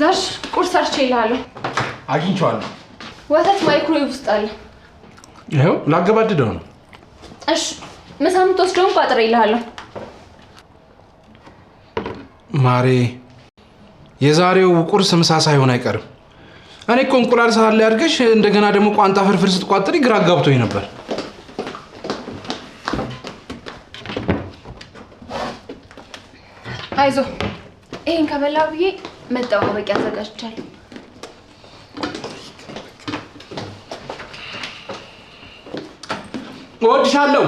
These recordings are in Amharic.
ዛሽ ቁርስ አርቼ እልሃለሁ። አግኝቼዋለሁ። ወተት ማይክሮዌቭ ውስጥ አለ። ይኸው ላገባድደው ነው። እሺ፣ ምሳ የምትወስደውን ቋጥሬ እልሃለሁ። ማሬ፣ የዛሬው ቁርስ ምሳ ሳይሆን አይቀርም። እኔ እኮ እንቁላል ሳህን ላይ አድርገሽ እንደገና ደግሞ ቋንጣ ፍርፍር ስትቋጥሪ ግራ አጋብቶኝ ነበር። አይዞህ፣ ይሄን ከበላ ብዬ መጠባበቂያ አዘጋጅቻለሁ። እወድሻለሁ።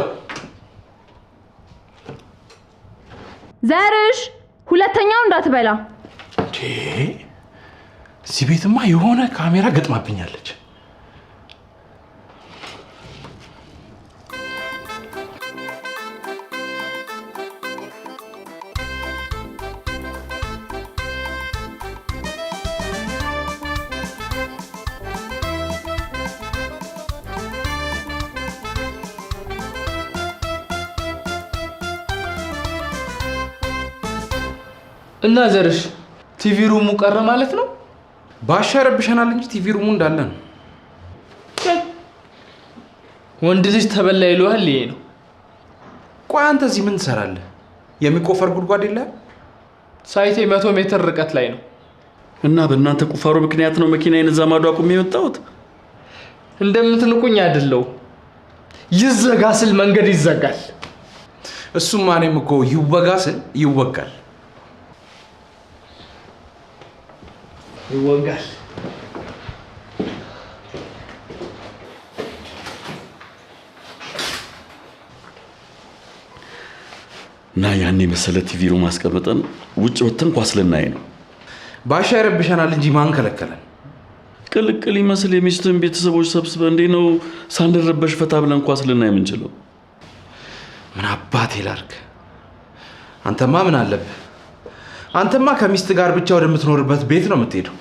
ዘርሽ ሁለተኛው እንዳትበላ። እዚህ ቤትማ የሆነ ካሜራ ገጥማብኛለች። እና ዘርሽ ቲቪ ሩሙ ቀረ ማለት ነው። ባሻ ረብሸናል እንጂ ቲቪ ሩሙ እንዳለ ነው። ወንድ ልጅ ተበላ ይለዋል። ይሄ ነው። ቆይ አንተ እዚህ ምን ትሰራለህ? የሚቆፈር ጉድጓድ የለ። ሳይቴ መቶ ሜትር ርቀት ላይ ነው እና በእናንተ ቁፋሮ ምክንያት ነው መኪና እዛ ማዶ አቁሜ የወጣሁት። እንደምትንቁኝ አይደለው። ይዘጋ ስል መንገድ ይዘጋል። እሱማ እኔም እኮ ይወጋ ስል ይወጋል። ይወጋል። እና ያን የመሰለ ቲቪ ሩም አስቀምጠን ውጭ ወተን ኳስ ልናይ ነው። ባሻ ይረብሸናል እንጂ ማን ከለከለን? ቅልቅል ይመስል የሚስትን ቤተሰቦች ሰብስበ እንዴ ነው ሳንደረበሽ ፈታ ብለን ኳስ ልናይ የምንችለው? ምን አባት ላድርግ። አንተማ ምን አለብህ አንተማ ከሚስት ጋር ብቻ ወደምትኖርበት ቤት ነው የምትሄደው።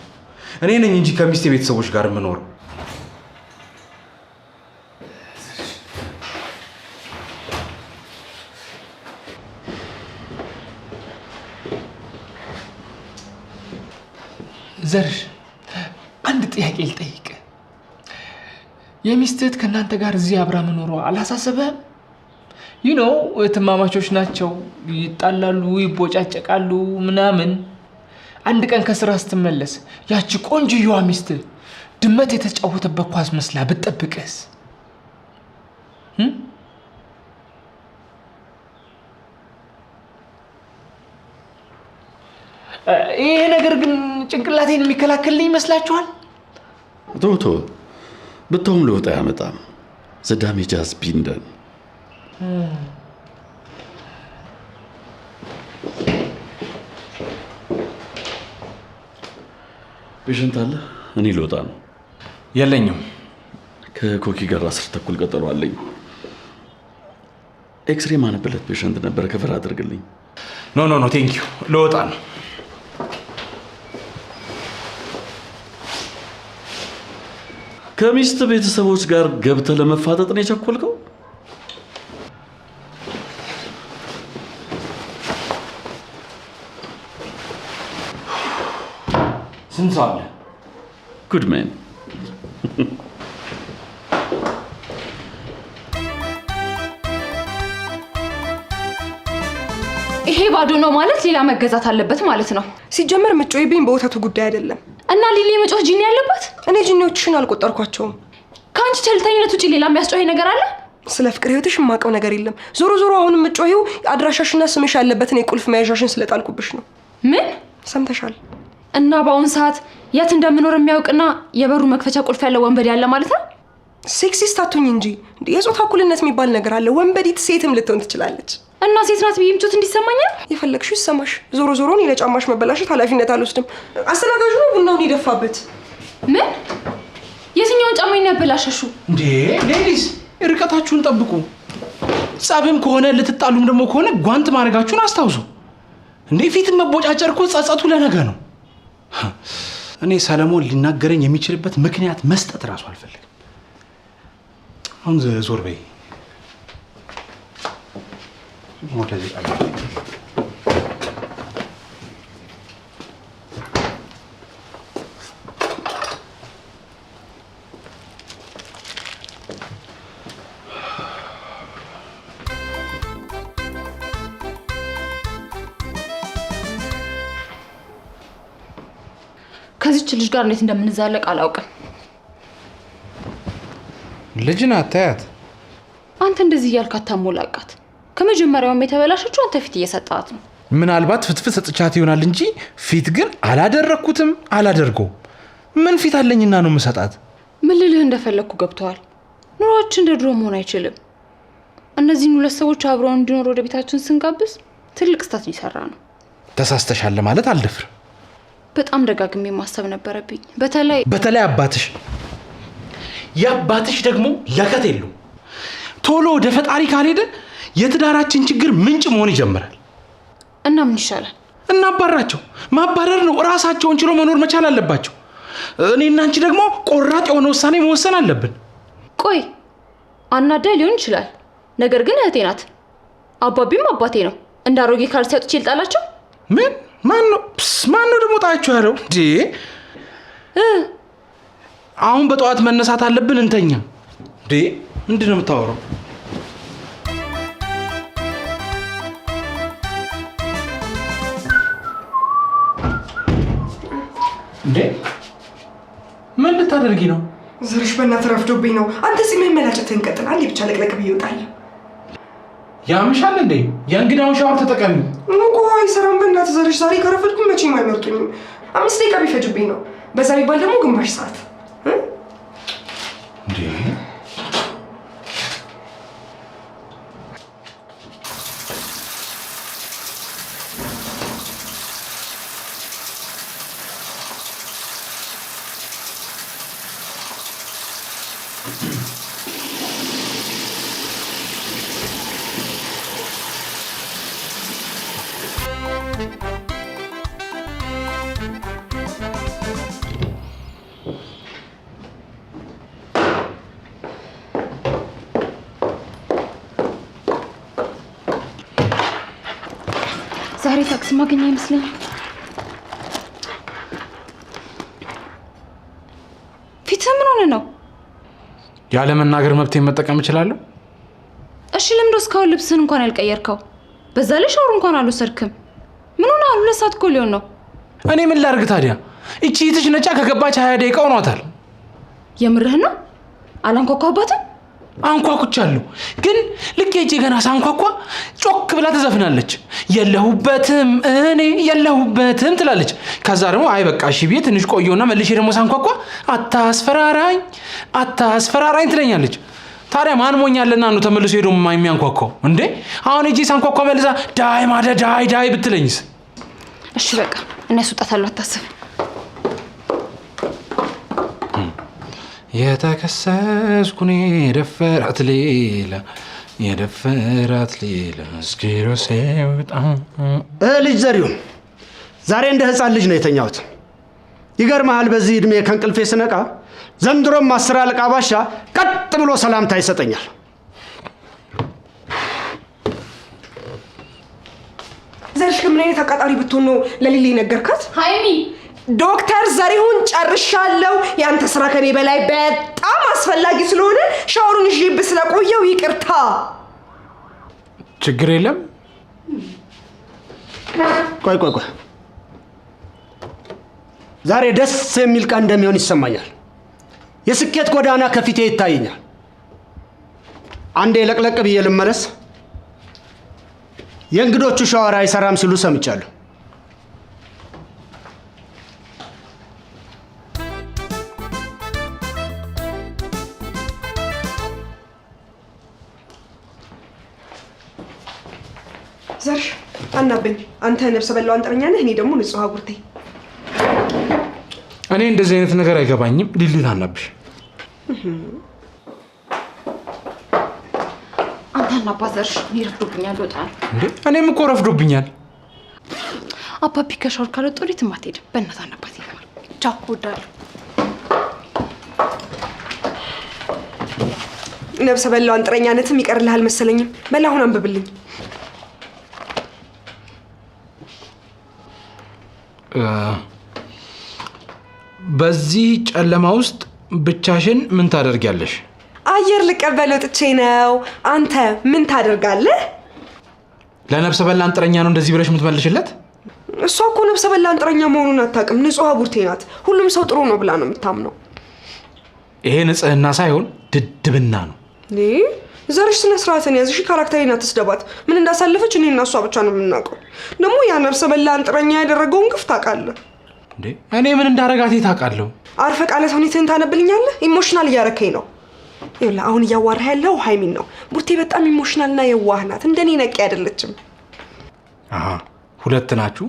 እኔ ነኝ እንጂ ከሚስት የቤተሰቦች ጋር የምኖረው። ዘርሽ አንድ ጥያቄ ልጠይቅ። የሚስትህ ከእናንተ ጋር እዚህ አብራ መኖሯ አላሳሰበህም? ዩ ነው ናቸው፣ ይጣላሉ፣ ይቦጫጨቃሉ ምናምን። አንድ ቀን ከስራ ስትመለስ ያቺ ቆንጆዋ ሚስት ድመት የተጫወተበት ኳስ መስላ ብትጠብቅስ? ይሄ ነገር ግን ጭንቅላቴን የሚከላከልልኝ ይመስላችኋል? ቶቶ ብተውም ለውጥ አያመጣም። ዘዳሜ ጃዝ ቢንደን ፔሸንት አለ። እኔ ልወጣ ነው። የለኝም። ከኮኪ ጋር አስር ተኩል ቀጠሮ አለኝ። ኤክስሬ ማነብለት ፔሸንት ነበረ። ከፈር አድርግልኝ። ኖ ኖ ኖ፣ ዩ። ልወጣ ነው። ከሚስት ቤተሰቦች ጋር ገብተህ ለመፋጠጥ ነው የቸኮልከው? insomnia. Good man. ይሄ ባዶ ነው ማለት ሌላ መገዛት አለበት ማለት ነው። ሲጀመር ምጮይብኝ በወተቱ ጉዳይ አይደለም እና ሊሊ የመጮህ ጂኒ ያለባት። እኔ ጂኒዎችሽን አልቆጠርኳቸውም። ከአንቺ ቸልተኝነት ውጭ ሌላ የሚያስጮህ ነገር አለ? ስለ ፍቅር ህይወትሽ የማውቀው ነገር የለም። ዞሮ ዞሮ አሁን የምጮሂው አድራሻሽና ስምሽ ያለበትን የቁልፍ መያዣሽን ስለጣልኩብሽ ነው። ምን ሰምተሻል? እና በአሁን ሰዓት የት እንደምኖር የሚያውቅና የበሩ መክፈቻ ቁልፍ ያለው ወንበዴ አለ ማለት ነው። ሴክሲስት አትሁኝ እንጂ የጾታ እኩልነት የሚባል ነገር አለ። ወንበዴት ሴትም ልትሆን ትችላለች። እና ሴት ናት ብዬ ምቾት እንዲሰማኛል። የፈለግሽው ይሰማሽ። ዞሮ ዞሮ እኔ ለጫማሽ መበላሸት ኃላፊነት አልወስድም። አስተናጋጁ ነው ቡናውን የደፋበት። ምን? የትኛውን ጫማ ያበላሸሹ እንዴ? ሌዲስ ርቀታችሁን ጠብቁ። ጸብም ከሆነ ልትጣሉም ደግሞ ከሆነ ጓንት ማድረጋችሁን አስታውሱ። እንዴ ፊትን መቦጫጨር እኮ ጸጸቱ ለነገ ነው። እኔ ሰለሞን ሊናገረኝ የሚችልበት ምክንያት መስጠት እራሱ አልፈልግም። አሁን ዞር በይ ወደዚህ ልጅ ጋር እንዴት እንደምንዛለቅ አላውቅም። ልጅን አታያት። አንተ እንደዚህ እያልክ አታሞላቃት። ከመጀመሪያውም የተበላሸችው አንተ ፊት እየሰጣት ነው። ምናልባት ፍትፍት ሰጥቻት ይሆናል እንጂ ፊት ግን አላደረግኩትም፣ አላደርገውም። ምን ፊት አለኝና ነው የምሰጣት? ምን ልልህ እንደፈለግኩ ገብተዋል። ኑሯችን እንደ ድሮ መሆን አይችልም። እነዚህን ሁለት ሰዎች አብረውን እንዲኖሩ ወደ ቤታችን ስንጋብዝ ትልቅ ስህተት ይሰራ ነው። ተሳስተሻለ ማለት አልደፍርም። በጣም ደጋግሜ ማሰብ ነበረብኝ። በተለይ በተለይ አባትሽ የአባትሽ ደግሞ ለከት የለው ቶሎ ወደ ፈጣሪ ካልሄደ የትዳራችን ችግር ምንጭ መሆን ይጀምራል። እና ምን ይሻላል? እናባራቸው። ማባረር ነው። እራሳቸውን ችሎ መኖር መቻል አለባቸው። እኔ አንቺ ደግሞ ቆራጥ የሆነ ውሳኔ መወሰን አለብን። ቆይ አናዳ ሊሆን ይችላል፣ ነገር ግን እህቴ ናት። አባቢም አባቴ ነው። እንደ አሮጌ ካልሲያጡች ይልጣላቸው። ምን ማነው ማነው ደግሞ ጣያችሁ ያለው እንዴ? አሁን በጠዋት መነሳት አለብን እንተኛ። እንዴ ምንድን ነው የምታወራው? እንዴ ምን ልታደርጊ ነው? ዘርሽ በእናትህ ረፍዶብኝ ነው። አንተ ጺምህን መመላጨት ቀጥል። ብቻ ለቅለቅ ብዬ እወጣለሁ። ያምሻል እንዴ? የእንግዳውን ሻወር ተጠቀሚ። ንጎ አይሰራም። በእናትህ ዘርሽ ዛሬ ከረፈድኩ መቼም አይመርጡኝም። አምስት ደቂቃ ቢፈጅብኝ ነው። በዛ ቢባል ደግሞ ግማሽ ሰዓት ታክሲ ማገኛ አይመስለኝም። ፊትህ ምን ሆነ ነው? ያለመናገር መብቴን መጠቀም እችላለሁ? እሺ ለምዶ እስካሁን ልብስህን እንኳን ያልቀየርከው? በዛ ላይ ሻወር እንኳን አልወሰድክም። ምን ሆነ? ሁለት ሰዓት እኮ ሊሆን ነው። እኔ ምን ላድርግ ታዲያ? ይቺ ይትሽ ነጫ ከገባች ሀያ ደቂቃ ሆኗታል። የምርህ ነው? አላንኳኳባትም አንኳኩቻለሁ ግን ልክ ሄጄ ገና ሳንኳኳ ጮክ ብላ ትዘፍናለች። የለሁበትም እኔ የለሁበትም ትላለች። ከዛ ደግሞ አይ በቃ እሺ ብዬ ትንሽ ቆየውና መልሼ ደግሞ ሳንኳኳ አታስፈራራኝ አታስፈራራኝ ትለኛለች። ታዲያ ማን ሞኛለና ነው ተመልሶ ሄዶ የሚያንኳኳው እንዴ? አሁን ሄጄ ሳንኳኳ መልሳ ዳይ ማደ ዳይ ዳይ ብትለኝስ? እሺ በቃ እነሱ ጣታሉ አታስብ የተከሰስኩኔ የደፈራት ሌላ የደፈራት ሌላ እስኪሮሴ ወጣ ልጅ ዘሪሁን ዛሬ እንደ ህፃን ልጅ ነው የተኛሁት። ይገርመሃል፣ በዚህ ዕድሜ ከእንቅልፌ ስነቃ ዘንድሮም አስር አለቃ ባሻ ቀጥ ብሎ ሰላምታ ይሰጠኛል። ዘርሽ ምን አይነት አቃጣሪ ብትሆን ነው ለሊሊ ነገርካት? ሀይሚ ዶክተር ዘሪሁን ጨርሻለሁ። ያንተ ስራ ከኔ በላይ በጣም አስፈላጊ ስለሆነ ሻወሩን ይዤብ ስለቆየው ይቅርታ። ችግር የለም። ቆይ ቆይ ቆይ፣ ዛሬ ደስ የሚል ቀን እንደሚሆን ይሰማኛል። የስኬት ጎዳና ከፊቴ ይታየኛል። አንዴ ለቅለቅ ብዬ ልመለስ። የእንግዶቹ ሻወር አይሰራም ሲሉ ሰምቻለሁ። አንተ ነብሰ በላው አንጥረኛ ነህ፣ እኔ ደግሞ ንጹህ አጉርቴ። እኔ እንደዚህ አይነት ነገር አይገባኝም። ሊሊት አናብሽ አንተና አባዘርሽ ይረፍዱብኛል። ወጣል እንዴ? እኔም እኮ ረፍዶብኛል። አባቢ ከሻወር ካልወጡ ወዴትም አትሄድም። በእናትህ አናባት ይገባል። ቻው፣ እወዳለሁ። ነብሰ በላው አንጥረኛነትም ይቀርልሃል መሰለኝም። በል አሁን አንብብልኝ። በዚህ ጨለማ ውስጥ ብቻሽን ምን ታደርጊያለሽ? አየር ልቀበል ወጥቼ ነው። አንተ ምን ታደርጋለህ? ለነብሰ በላ አንጥረኛ ነው እንደዚህ ብለሽ የምትመልሽለት? እሷ እኮ ነብሰ በላ አንጥረኛ መሆኑን አታውቅም። ንጹሕ ቡርቴ ናት። ሁሉም ሰው ጥሩ ነው ብላ ነው የምታምነው። ይሄ ንጽህና ሳይሆን ድድብና ነው። ዘርሽ ስነ ስርዓትን ያዝሽ። ካራክተሪን አትስደባት። ምን እንዳሳለፈች እኔ እና እሷ ብቻ ነው የምናውቀው። ደግሞ ያ ነፍሰ በላ አንጥረኛ ያደረገውን ግፍ ታውቃለህ እንዴ? እኔ ምን እንዳረጋት ታውቃለሁ። አርፈ ቃለ ተውኔትህን ታነብልኛለህ። ኢሞሽናል እያረከኝ ነው። ይኸውልህ አሁን እያዋራህ ያለው ሀይሚን ነው። ቡርቴ በጣም ኢሞሽናልና የዋህ ናት። እንደኔ ነቄ አይደለችም። ሁለት ናችሁ?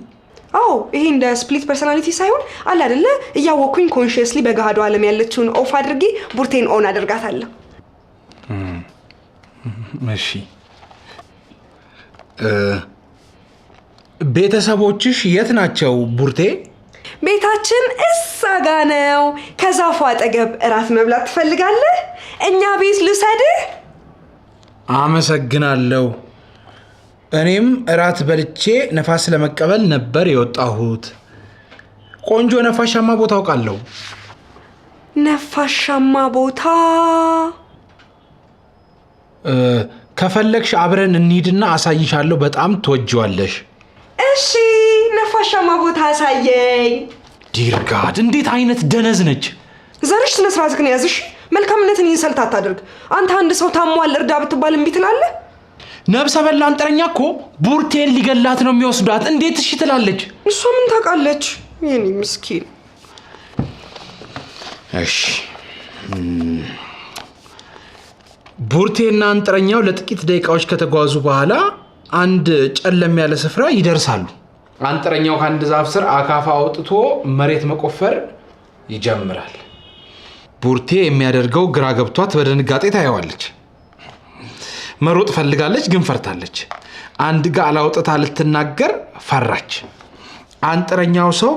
አዎ ይሄ እንደ ስፕሊት ፐርሰናሊቲ ሳይሆን አለ አይደለ፣ እያወኩኝ ኮንሽየስሊ በገሃዱ ዓለም ያለችውን ኦፍ አድርጌ ቡርቴን ኦን አደርጋታለሁ። እሺ ቤተሰቦችሽ የት ናቸው ቡርቴ? ቤታችን እሳ ጋ ነው። ከዛፉ አጠገብ እራት መብላት ትፈልጋለህ? እኛ ቤት ልውሰድህ። አመሰግናለሁ። እኔም እራት በልቼ ነፋስ ለመቀበል ነበር የወጣሁት። ቆንጆ ነፋሻማ ቦታ አውቃለሁ። ነፋሻማ ቦታ ከፈለግሽ አብረን እንሂድና አሳይሻለሁ። በጣም ትወጂዋለሽ። እሺ፣ ነፋሻማ ቦታ አሳየኝ። ዲርጋድ እንዴት አይነት ደነዝ ነች! ዘርሽ ስነ ስርዓት ግን ያዝሽ። መልካምነትን ኢንሰልት አታድርግ። አንተ አንድ ሰው ታሟል እርዳ ብትባል እምቢ ትላለህ። ነብሰ በላ አንጥረኛ እኮ ቡርቴን ሊገላት ነው የሚወስዷት። እንዴት እሺ ትላለች? እሷ ምን ታውቃለች? የኔ ምስኪን። እሺ ቡርቴና አንጥረኛው ለጥቂት ደቂቃዎች ከተጓዙ በኋላ አንድ ጨለም ያለ ስፍራ ይደርሳሉ። አንጥረኛው ከአንድ ዛፍ ስር አካፋ አውጥቶ መሬት መቆፈር ይጀምራል። ቡርቴ የሚያደርገው ግራ ገብቷት በድንጋጤ ታየዋለች። መሮጥ ፈልጋለች፣ ግን ፈርታለች። አንድ ጋ አውጥታ ልትናገር ፈራች። አንጥረኛው ሰው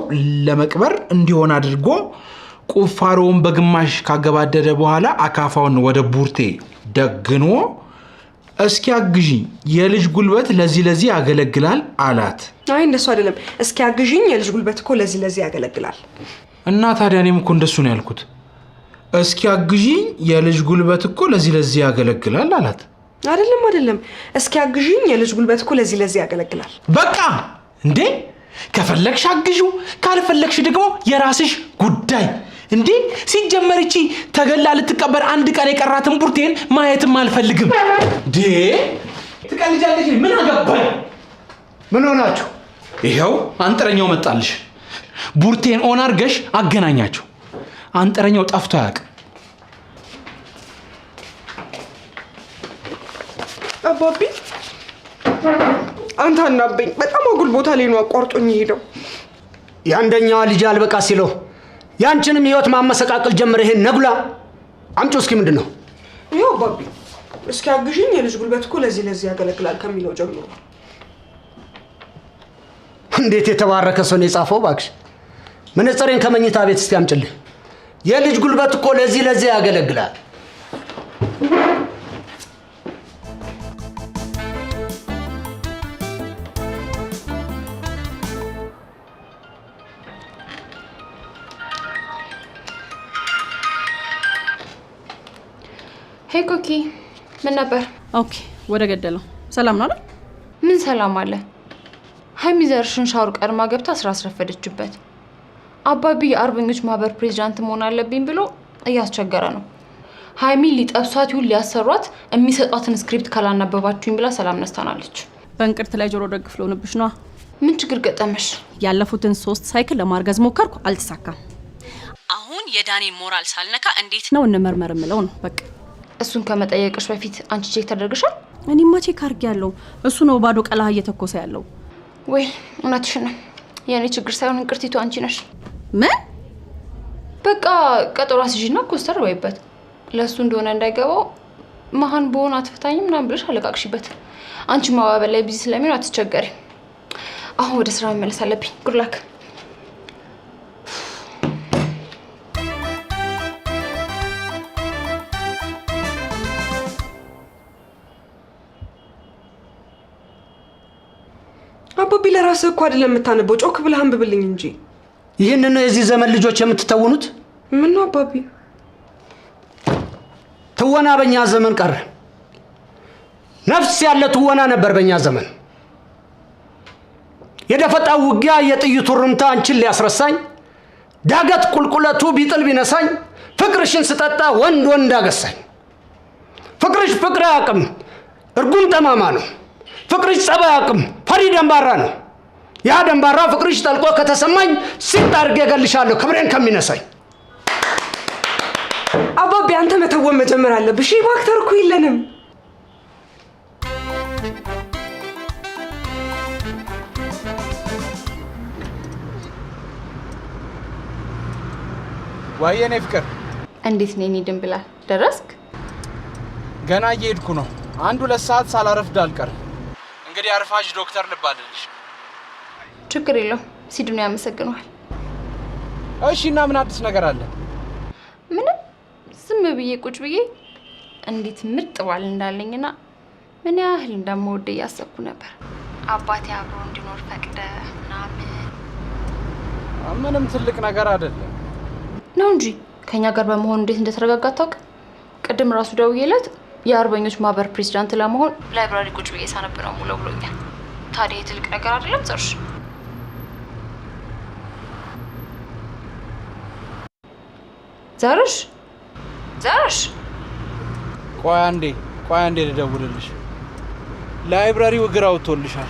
ለመቅበር እንዲሆን አድርጎ ቁፋሮውን በግማሽ ካገባደደ በኋላ አካፋውን ወደ ቡርቴ ደግኖ እስኪያግዥኝ የልጅ ጉልበት ለዚህ ለዚህ ያገለግላል አላት። አይ እንደሱ አይደለም፣ እስኪ አግዥኝ የልጅ ጉልበት እኮ ለዚህ ለዚህ ያገለግላል። እና ታዲያ እኔም እኮ እንደሱ ነው ያልኩት። እስኪያግዥኝ የልጅ ጉልበት እኮ ለዚህ ለዚህ ያገለግላል አላት። አይደለም አይደለም፣ እስኪያግዥኝ የልጅ ጉልበት እኮ ለዚህ ለዚህ ያገለግላል አላት አይደለም አይደለም እስኪያግዥኝ የልጅ ጉልበት እኮ ለዚህ ለዚህ ያገለግላል በቃ እንዴ፣ ከፈለግሽ አግዥው፣ ካልፈለግሽ ደግሞ የራስሽ ጉዳይ እንዴ ሲጀመር እቺ ተገላ ልትቀበር አንድ ቀን የቀራትን ቡርቴን ማየትም አልፈልግም። ዴ ትቀልጃለች። ምን አገባኝ? ምን ሆናችሁ? ይኸው አንጥረኛው መጣልሽ። ቡርቴን ኦን አርገሽ አገናኛችሁ። አንጥረኛው ጠፍቶ አያውቅም። አባቢ አንተ አናበኝ። በጣም አጉል ቦታ ላይ ነው አቋርጦኝ ሄደው። የአንደኛዋ ልጅ አልበቃ ሲለው ያንቺንም ህይወት ማመሰቃቀል ጀምረ። ይሄን ነጉላ አምጪ። እስኪ ምንድን ነው? ይኸው ባቢ፣ እስኪ አግዥኝ። የልጅ ጉልበት እኮ ለዚህ ለዚህ ያገለግላል ከሚለው ጀምሮ እንዴት የተባረከ ሰው ነው የጻፈው። እባክሽ መነጽሬን ከመኝታ ቤት እስቲ አምጪልኝ። የልጅ ጉልበት እኮ ለዚህ ለዚህ ያገለግላል ምን ነበር? ኦኬ፣ ወደ ገደለው። ሰላም ነው አይደል? ምን ሰላም አለ? ሀይሚ ዘርሽን ሻወር ቀድማ ገብታ ስራ አስረፈደችበት። አባቢ የአርበኞች ማህበር ፕሬዚዳንት መሆን አለብኝ ብሎ እያስቸገረ ነው። ሀይሚ ሊጠብሷት ይሁን ሊያሰሯት የሚሰጧትን ስክሪፕት ካላነበባችሁኝ ብላ ሰላም ነስታናለች። በእንቅርት ላይ ጆሮ ደግፍ ለሆንብሽ ነዋ። ምን ችግር ገጠመሽ? ያለፉትን ሶስት ሳይክል ለማርገዝ ሞከርኩ፣ አልተሳካም። አሁን የዳኔ ሞራል ሳልነካ እንዴት ነው እንመርመር የምለው ነው በቃ እሱን ከመጠየቅሽ በፊት አንቺ ቼክ ተደርግሻል? እኔማ ቼክ አድርጌያለሁ። እሱ ነው ባዶ ቀላሃ እየተኮሰ ያለው። ወይ እውነትሽ ነው። የእኔ ችግር ሳይሆን እንቅርቲቱ አንቺ ነሽ። ምን በቃ ቀጠሮ አስይዥና ኮስተር በይበት። ለእሱ እንደሆነ እንዳይገባው መሀን በሆነ አትፈታኝም ምናምን ብለሽ አለቃቅሽበት። አንቺ ማባበል ላይ ቢዚ ስለሚሆን አትቸገሪ። አሁን ወደ ስራ መመለስ አለብኝ። ጉድላክ ኮፒ ለራስህ እኮ አይደለም የምታነበው፣ ጮክ ብለህ አንብብልኝ እንጂ። ይህን ነው የዚህ ዘመን ልጆች የምትተውኑት? ምን ነው አባቢ፣ ትወና በእኛ ዘመን ቀረ። ነፍስ ያለ ትወና ነበር በእኛ ዘመን። የደፈጣው ውጊያ፣ የጥይቱ ርምታ አንቺን ሊያስረሳኝ፣ ዳገት ቁልቁለቱ ቢጥል ቢነሳኝ፣ ፍቅርሽን ስጠጣ ወንድ ወንድ አገሳኝ። ፍቅርሽ ፍቅር አያውቅም፣ እርጉም ጠማማ ነው። ፍቅርሽ ጸባይ አቅም ፈሪ ደንባራ ነው። ያ ደንባራ ፍቅርሽ ጠልቆ ከተሰማኝ ሲጥ አድርጌ እገልሻለሁ ክብሬን ከሚነሳኝ። አባቤ አንተ መተወን መጀመር አለብሽ። ባክተር እኮ የለንም። ዋየኔ ፍቅር እንዴት ነኝ? ድን ብላል ደረስክ? ገና እየሄድኩ ነው። አንድ ሁለት ሰዓት ሳላረፍድ አልቀርም። እንግዲህ አርፋጅ ዶክተር ልባልልሽ። ችግር የለው ሲድኑ ያመሰግነዋል። እሺ እና ምን አዲስ ነገር አለ? ምንም ዝም ብዬ ቁጭ ብዬ እንዴት ምርጥ ባል እንዳለኝና ምን ያህል እንደምወደ እያሰብኩ ነበር። አባቴ አብሮ እንዲኖር ፈቅደ ምናምን ምንም ትልቅ ነገር አይደለም ነው እንጂ ከኛ ጋር በመሆን እንዴት እንደተረጋጋ ታውቅ። ቅድም ራሱ ደውዬለት የአርበኞች ማህበር ፕሬዚዳንት ለመሆን ላይብራሪ ቁጭ ብዬ ሳነብ ነው ሙለው ብሎኛል። ታዲያ የትልቅ ነገር አይደለም ጸርሽ? ዘርሽ ዘርሽ፣ ቆይ አንዴ፣ ቆይ አንዴ ቆይ አንዴ ልደውልልሽ። ላይብራሪው እግር አውጥቶልሻል።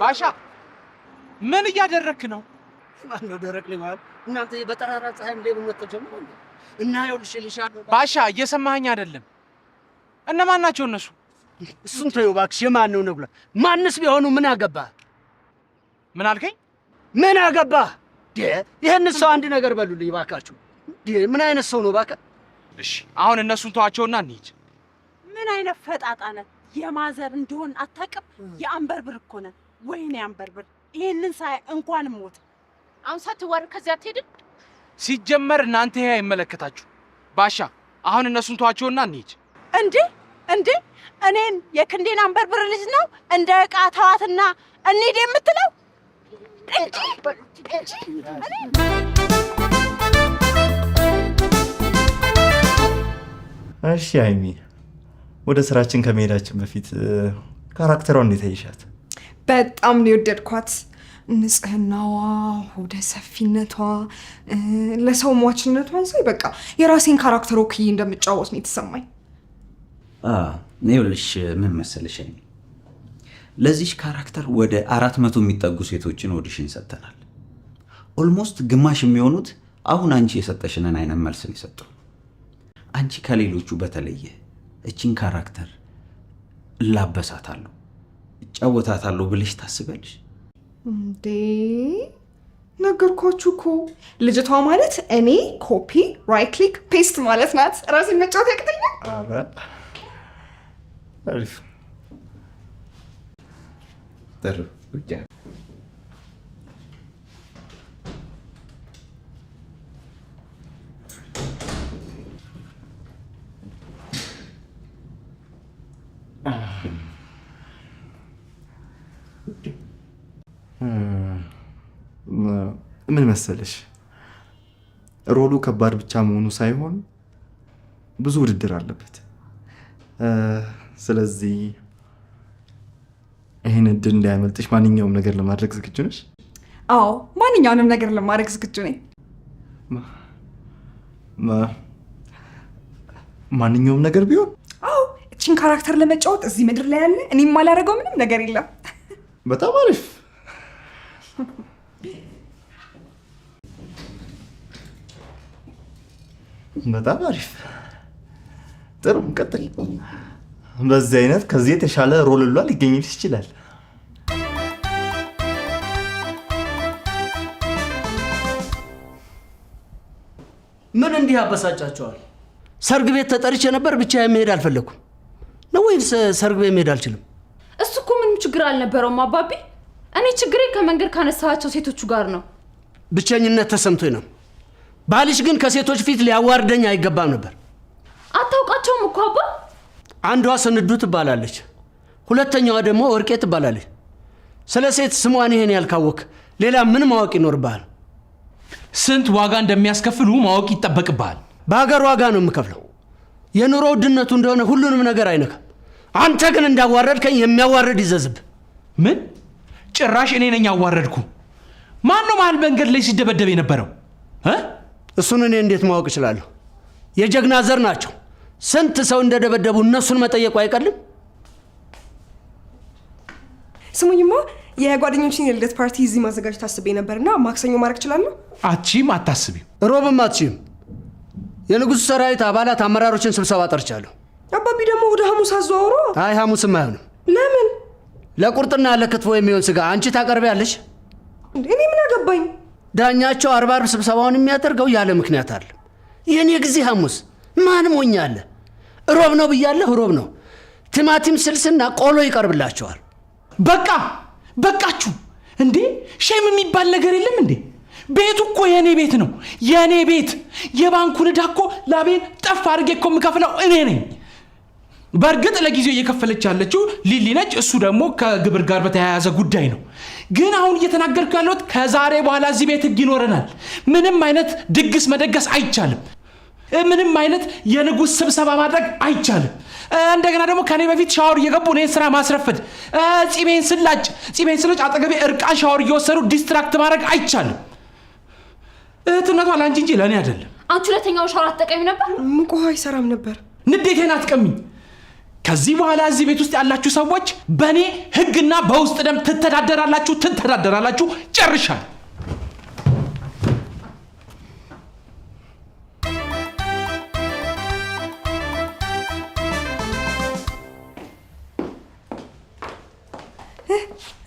ባሻ ምን እያደረክ ነው? ማን ነው ደረቅ ሊማል? እናንተ በጠራራ ፀሐይም ላይ መጥተው ጀምሮ እና ይኸውልሽ እልሻለሁ። ባሻ እየሰማኸኝ አይደለም? እነማን ናቸው እነሱ? እሱን ተይው እባክሽ። የማን ነው ነብላ? ማንስ ቢሆኑ ምን አገባ? ምን አልከኝ? ምን አገባህ? ይህን ሰው አንድ ነገር በሉልኝ እባካችሁ። ምን አይነት ሰው ነው እባክህ? እሺ አሁን እነሱን ተዋቸውና እንሂድ። ምን አይነት ፈጣጣ ነህ? የማዘር እንደሆን አታውቅም። ብር እኮ ነን። ወይኔ ብር ይህንን ሳይ እንኳን ሞት። አሁን ሳትዋረድ ከዚያ አትሄድም። ሲጀመር እናንተ ይሄ አይመለከታችሁ። ባሻ አሁን እነሱን ተዋቸውና እንሂድ። እንዴ እንዴ እኔን የክንዴን ብር ልጅ ነው እንደ እቃ ተዋትና እንሂድ የምትለው እንጂ እሺ አይሚ ወደ ስራችን ከመሄዳችን በፊት ካራክተሯ እንዴት አይሻት? በጣም ነው የወደድኳት። ንጽህናዋ፣ ወደ ሰፊነቷ፣ ለሰው ሟችነቷ ሳይ በቃ የራሴን ካራክተር ወክዬ እንደምጫወት ነው የተሰማኝ። ይኸውልሽ ምን መሰለሽ፣ ለዚች ካራክተር ወደ አራት መቶ የሚጠጉ ሴቶችን ኦዲሽን ሰጥተናል። ኦልሞስት ግማሽ የሚሆኑት አሁን አንቺ የሰጠሽንን አይነት መልስን የሰጡ። አንቺ ከሌሎቹ በተለየ እቺን ካራክተር እላበሳታለሁ እጫወታታለሁ ብለሽ ታስበልሽ እንዴ? ነገርኳችሁ እኮ ልጅቷ ማለት እኔ ኮፒ ራይት ክሊክ ፔስት ማለት ናት። ራሴን መጫወት ያቅተኛል። አሪፍ መሰለሽ ሮሉ ከባድ ብቻ መሆኑ ሳይሆን ብዙ ውድድር አለበት። ስለዚህ ይህን እድል እንዳያመልጥሽ ማንኛውም ነገር ለማድረግ ዝግጁ ነሽ? አዎ፣ ማንኛውንም ነገር ለማድረግ ዝግጁ ነኝ። ማንኛውም ነገር ቢሆን? አዎ፣ እችን ካራክተር ለመጫወት እዚህ ምድር ላይ ያለ እኔም አላደረገው ምንም ነገር የለም። በጣም አሪፍ። በጣም አሪፍ ጥሩ፣ ቀጥል። በዚህ አይነት ከዚህ የተሻለ ሮል ሏ ሊገኝልሽ ይችላል። ምን እንዲህ ያበሳጫቸዋል? ሰርግ ቤት ተጠርቼ ነበር፣ ብቻ መሄድ አልፈለኩም ነው ወይስ ሰርግ ቤት መሄድ አልችልም? እሱ እኮ ምንም ችግር አልነበረውም አባቢ። እኔ ችግሬ ከመንገድ ካነሳቸው ሴቶቹ ጋር ነው። ብቸኝነት ተሰምቶኝ ነው ባልሽ ግን ከሴቶች ፊት ሊያዋርደኝ አይገባም ነበር። አታውቃቸውም እኮ አባ። አንዷ ስንዱ ትባላለች፣ ሁለተኛዋ ደግሞ ወርቄ ትባላለች። ስለ ሴት ስሟን ይሄን ያልካወክ ሌላ ምን ማወቅ ይኖርብሃል? ስንት ዋጋ እንደሚያስከፍሉ ማወቅ ይጠበቅብሃል። በሀገር ዋጋ ነው የምከፍለው። የኑሮ ውድነቱ እንደሆነ ሁሉንም ነገር አይነካም። አንተ ግን እንዳዋረድከኝ የሚያዋርድ ይዘዝብ። ምን ጭራሽ እኔ ነኝ አዋረድኩ ማን ነው መሀል መንገድ ላይ ሲደበደብ የነበረው? እሱን እኔ እንዴት ማወቅ እችላለሁ? የጀግና ዘር ናቸው። ስንት ሰው እንደደበደቡ እነሱን መጠየቁ አይቀልም። ስሙኝማ የጓደኞችን የልደት ፓርቲ እዚህ ማዘጋጀት አስቤ ነበርና ማክሰኞ ማድረግ እችላለሁ? አትችይም። አታስቢም። ሮብም አትችይም። የንጉሱ ሰራዊት አባላት አመራሮችን ስብሰባ ጠርቻለሁ። አባቢ ደግሞ ወደ ሐሙስ አዘዋውሮ። አይ ሐሙስም አይሆንም። ለምን? ለቁርጥና ለክትፎ የሚሆን ስጋ አንቺ ታቀርቢያለሽ። እኔ ምን አገባኝ? ዳኛቸው አርባ አርብ ስብሰባውን የሚያደርገው ያለ ምክንያት አለ። የኔ ጊዜ ሐሙስ ማንም ሞኛለ ሮብ ነው ብያለሁ። ሮብ ነው። ቲማቲም ስልስና ቆሎ ይቀርብላቸዋል። በቃ በቃችሁ እንዴ! ሼም የሚባል ነገር የለም እንዴ! ቤቱ እኮ የእኔ ቤት ነው፣ የእኔ ቤት። የባንኩን ዕዳ እኮ ላቤን ጠፍ አድርጌ እኮ የምከፍለው እኔ ነኝ። በእርግጥ ለጊዜው እየከፈለች ያለችው ሊሊ ነች። እሱ ደግሞ ከግብር ጋር በተያያዘ ጉዳይ ነው። ግን አሁን እየተናገርኩ ያለሁት ከዛሬ በኋላ እዚህ ቤት ህግ ይኖረናል። ምንም አይነት ድግስ መደገስ አይቻልም። ምንም አይነት የንጉሥ ስብሰባ ማድረግ አይቻልም። እንደገና ደግሞ ከኔ በፊት ሻወር እየገቡ እኔን ስራ ማስረፈድ፣ ጺሜን ስላጭ ጺሜን ስላጭ አጠገቤ እርቃን ሻወር እየወሰዱ ዲስትራክት ማድረግ አይቻልም። እህትነቷ ለአንቺ እንጂ ለእኔ አይደለም። አንቺ ሁለተኛው ሻወር አትጠቀሚ ነበር። ምቆሃ አይሰራም ነበር። ንዴቴን አትቀሚኝ። ከዚህ በኋላ እዚህ ቤት ውስጥ ያላችሁ ሰዎች በእኔ ህግና በውስጥ ደም ትተዳደራላችሁ ትተዳደራላችሁ። ጨርሻል።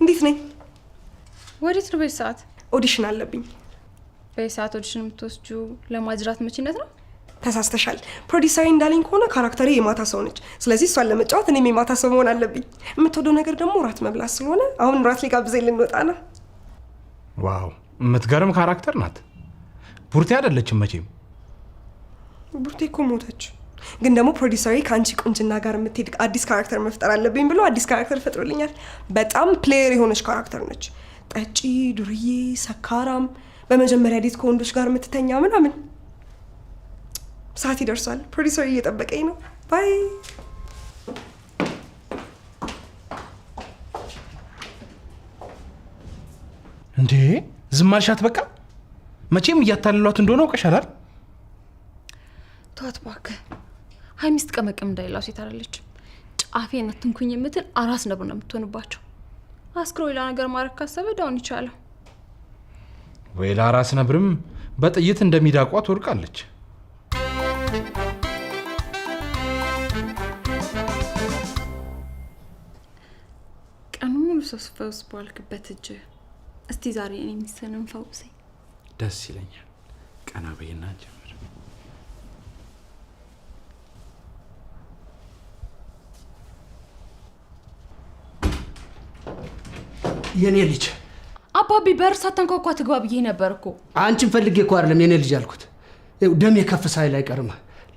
እንዴት ነኝ? ወዴት ነው? በዚህ ሰዓት ኦዲሽን አለብኝ። በዚህ ሰዓት ኦዲሽን የምትወስጁ ለማጅራት መቼነት ነው? ተሳስተሻል። ፕሮዲሰሪ እንዳለኝ ከሆነ ካራክተሬ የማታ ሰው ነች። ስለዚህ እሷን ለመጫወት እኔም የማታ ሰው መሆን አለብኝ። የምትወደው ነገር ደግሞ ራት መብላት ስለሆነ አሁን ራት ሊጋብዘኝ ልንወጣ ነው። ዋው የምትገርም ካራክተር ናት። ቡርቴ አይደለችም መቼም። ቡርቴ እኮ ሞተች። ግን ደግሞ ፕሮዲሰሪ ከአንቺ ቁንጅና ጋር የምትሄድ አዲስ ካራክተር መፍጠር አለብኝ ብሎ አዲስ ካራክተር ፈጥሮልኛል። በጣም ፕሌየር የሆነች ካራክተር ነች። ጠጪ፣ ዱርዬ፣ ሰካራም፣ በመጀመሪያ ዴት ከወንዶች ጋር የምትተኛ ምናምን ሰዓት ይደርሷል። ፕሮዲሰር እየጠበቀኝ ነው። ባይ እንዴ ዝም አልሻት። በቃ መቼም እያታልሏት እንደሆነ አውቀሻላል። ተዋት እባክህ። ሀይ ሚስት ቀመቅም እንዳይላው ሴት አይደለችም። ጫፌን የምትል አራስ ነብር ነው የምትሆንባቸው። አስክሮ ሌላ ነገር ማድረግ ካሰበ ዳውን ይቻለው ወይ ለአራስ ነብርም በጥይት እንደሚዳቋ ትወርቃለች። ቀኑ ሙሉ ሰው ፈውስ በዋልክበት እጅ እስቲ ዛሬ እኔ የሚሰንም ፈውሴ ደስ ይለኛል። ቀና በይና ጀምር። የእኔ ልጅ አባቢ በር ሳታንኳኳ ትግባ ብዬ ነበር እኮ። አንቺን ፈልጌ እኮ አይደለም የኔ ልጅ ያልኩት። ደሜ ከፍ ሳይል አይቀርም።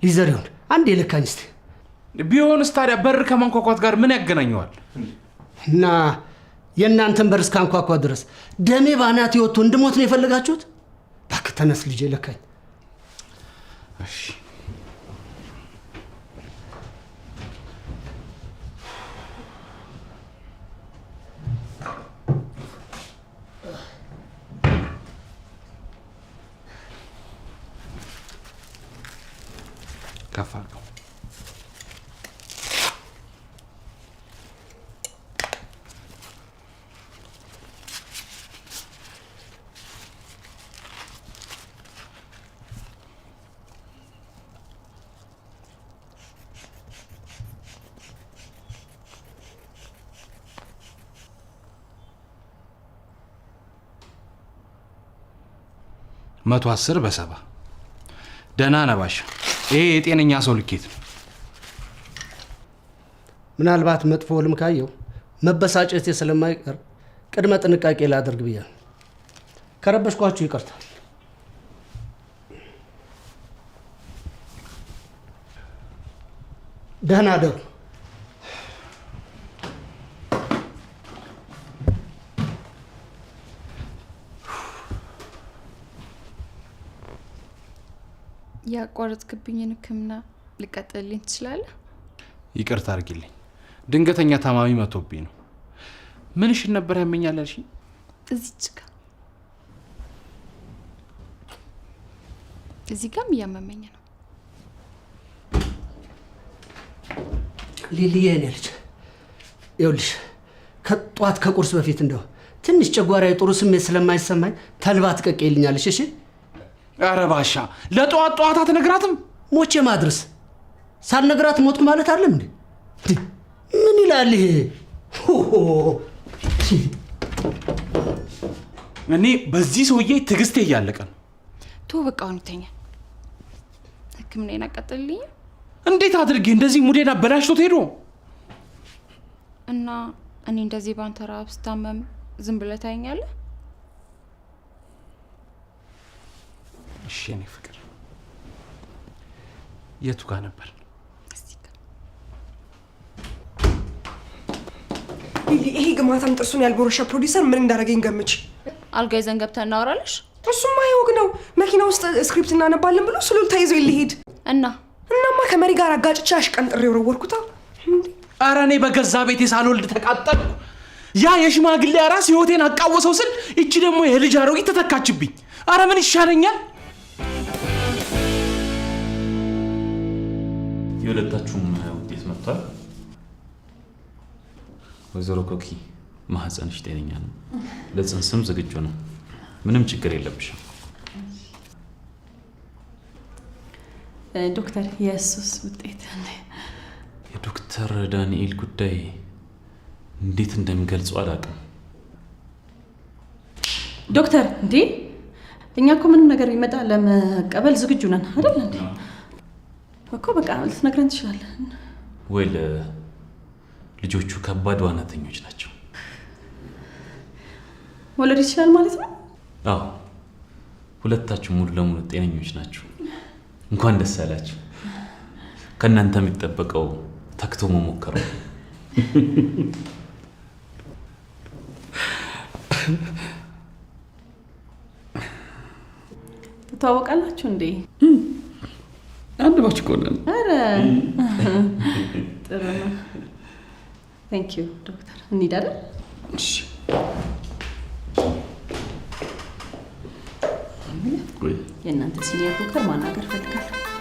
ሊዘር አንድ የልካኝ እስቲ። ቢሆንስ ታዲያ በር ከማንኳኳት ጋር ምን ያገናኘዋል? እና የእናንተን በር እስካንኳኳ ድረስ ደሜ ባናት የወጥቶ እንድሞት ነው የፈለጋችሁት? እባክህ ተነስ ልጄ፣ እሺ መቶ አስር በሰባ ደህና ነባሽ። ይሄ የጤነኛ ሰው ልኬት ነው። ምናልባት መጥፎ ህልም ካየው መበሳጨት ስለማይቀር ቅድመ ጥንቃቄ ላደርግ ብያል። ከረበሽኳችሁ ይቀርታል። ደህና ደሩ። ያቋረጥክብኝን ሕክምና ልቀጥልልኝ ትችላለህ? ይቅርታ አድርጊልኝ፣ ድንገተኛ ታማሚ መቶብኝ ነው። ምንሽን ነበር ያመኛል ያልሽኝ? እዚች ጋ እዚህ ጋም እያመመኝ ነው። ሊልዬ እኔ ልጅ ይኸውልሽ፣ ከጠዋት ከቁርስ በፊት እንደው ትንሽ ጨጓራዊ ጥሩ ስሜት ስለማይሰማኝ ተልባ ትቀቅይልኛለሽ? እሺ ኧረ ባሻ ለጠዋት ጠዋት አትነግራትም? ሞቼ ማድረስ ሳልነግራት ሞትኩ ማለት አለም እንዴ? ምን ይላል ይሄ? እኔ በዚህ ሰውዬ ትዕግስቴ እያለቀ ነው። ቶ በቃ ሁኑተኛ ይተኛ። ሕክምናዬን እንዴት አድርጌ እንደዚህ ሙዴን አበላሽቶት ሄዶ እና እኔ እንደዚህ ባንተ ረሀብ ስታመም ዝም ብለህ ታየኛለህ? እሺ የኔ ፍቅር የቱ ጋር ነበር? ይሄ ግማታም ጥርሱን ያልጎረሻ ፕሮዲሰር ምን እንዳደረገኝ ገምች። አልጋ ይዘን ገብተን እናወራለሽ። እሱማ የወግ ነው። መኪና ውስጥ ስክሪፕት እናነባለን ብሎ ስሉል ተይዞ ይልሄድ እና እናማ ከመሪ ጋር አጋጭቻ ጥሬ የወረወርኩታ። አረ እኔ በገዛ ቤቴ ሳልወልድ ተቃጠልኩ። ያ የሽማግሌ አራስ ህይወቴን አቃወሰው ስል፣ ይቺ ደግሞ የልጅ አሮጊት ተተካችብኝ። አረ ምን ይሻለኛል? የሁለታችሁም ውጤት መጥቷል። ወይዘሮ ኮኪ ማህፀንሽ ጤነኛ ነው፣ ለጽንስም ዝግጁ ነው። ምንም ችግር የለብሽም። ዶክተር የሱስ ውጤት የዶክተር ዳንኤል ጉዳይ እንዴት እንደሚገልጹ አላውቅም። ዶክተር እንዴ እኛ እኮ ምንም ነገር ቢመጣ ለመቀበል ዝግጁ ነን አይደል እንዴ? እኮ በቃ ልትነግረን ትችላለን። ወይል ልጆቹ ከባድ ዋናተኞች ናቸው። ወለድ ይችላል ማለት ነው? አዎ፣ ሁለታችሁ ሙሉ ለሙሉ ጤነኞች ናቸው። እንኳን ደስ ያላችሁ። ከእናንተ የሚጠበቀው ተክቶ መሞከረው። ትተዋወቃላችሁ እንዴ? አንድ ባች ቆለን። አረ ጥሩ ነው። ታንክ ዩ ዶክተር፣ እንሂድ የእናንተ ሲኒየር ዶክተር ማናገር ፈልጋለሁ።